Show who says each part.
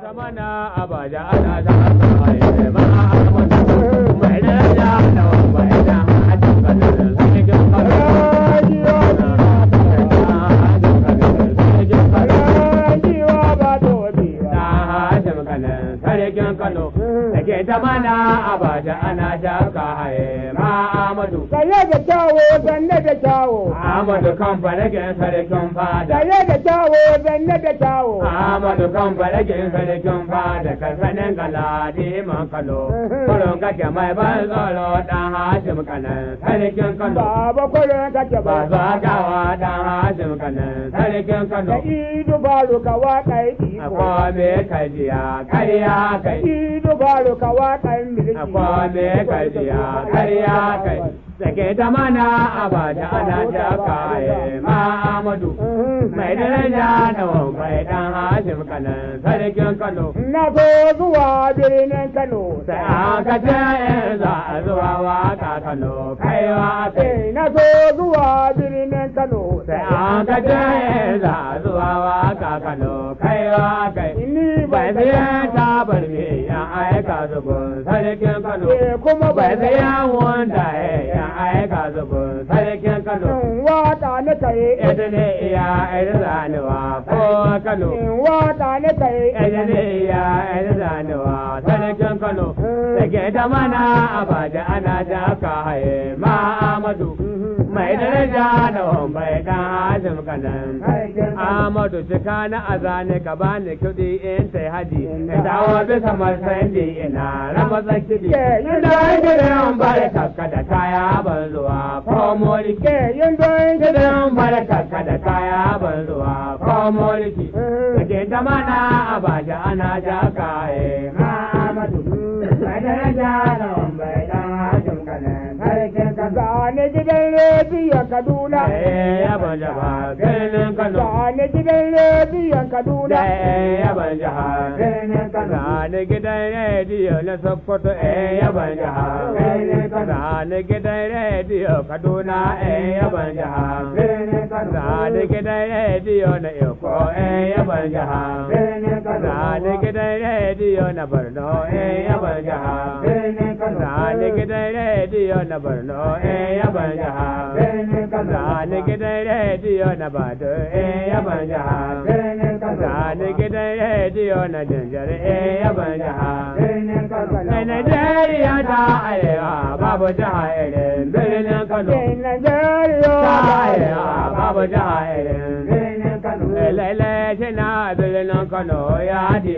Speaker 1: zamana abaja ana ta birnin Kano da mm-hmm. ke ta mana abada ana shaka haye ma Amadu.
Speaker 2: Tsaye da kyawo zanne da kyawo.
Speaker 1: Amadu kan faragin sarkin fada. Tsaye
Speaker 2: da kyawo zanne da kyawo. Amadu
Speaker 1: kan faragin sarkin fada ka sanin galadi man Kano. Mm-hmm. Kurin kake mai ban tsoro dan Hashim Kanan sarkin Kano.
Speaker 2: Baba kurin kake ba. Ba gawa dan
Speaker 1: Hashim Kanan sarkin Kano. Da
Speaker 2: idu baro ka waka yi. Akwai me
Speaker 1: kajiya kariya kai Shi
Speaker 2: dubaru ka waƙan miliki. Akwa me ka biya karya kai.
Speaker 1: Sake ta mana a ba da ana kai kaye Amadu. Mm-hmm. Mai daraja na wambai dan Hashim kanan sarkin Kano.
Speaker 2: Na zo zuwa birnin Kano. Sai aka ce za
Speaker 1: a zuwa waka Kano kai wa kai.
Speaker 2: Eh, na zo zuwa birnin kano sai an ka jaye da
Speaker 1: zuwa wa ka kano kai wa kai ni bai zai ta barbe ya aika zubin sarkin kano kuma bai ya wanda ya aika zubin sarkin kano
Speaker 2: wata ta ne ita ne iya
Speaker 1: ita wa ko kano
Speaker 2: wata na tare ita ne iya
Speaker 1: ita wa sarkin kano da ke da mana abaja ana da ka haye amadu mai daraja da wambai dan adam kanan amadu cika na azani ka bani kuɗi in tai hadi ka dawo bisa masandi ina rama zakidi yin doyin gidan bare kakka da kaya ban zuwa fomori ke yin doyin gidan bare kakka da kaya ban zuwa fomori ki eh. kake da mana abaja ana jaka eh amadu
Speaker 2: mai daraja da Kaduna. Eh, Yaban
Speaker 1: ha birnin Kano.
Speaker 2: ne gidan rediyon Kaduna. Eh, Yaban ha birnin
Speaker 1: Kano. ne gidan rediyo na Sokoto. Eh, Yaban ha birnin Kano. ne gidan rediyo Kaduna. Yaban ha birnin Kano. ne gidan rediyo na yoko Eko. Yaban ha birnin Kano. ne gidan rediyo na Borno. Yaban ha birnin Kano. ne gidan rediyo na Borno. Yaban ha rediyo na bato e ya banja ha birnin kasa gidan e rediyo na jinjar e ya banja ha birnin kasa babu e birnin Kano e ya da babu birnin Kano
Speaker 2: shi na birnin Kano ya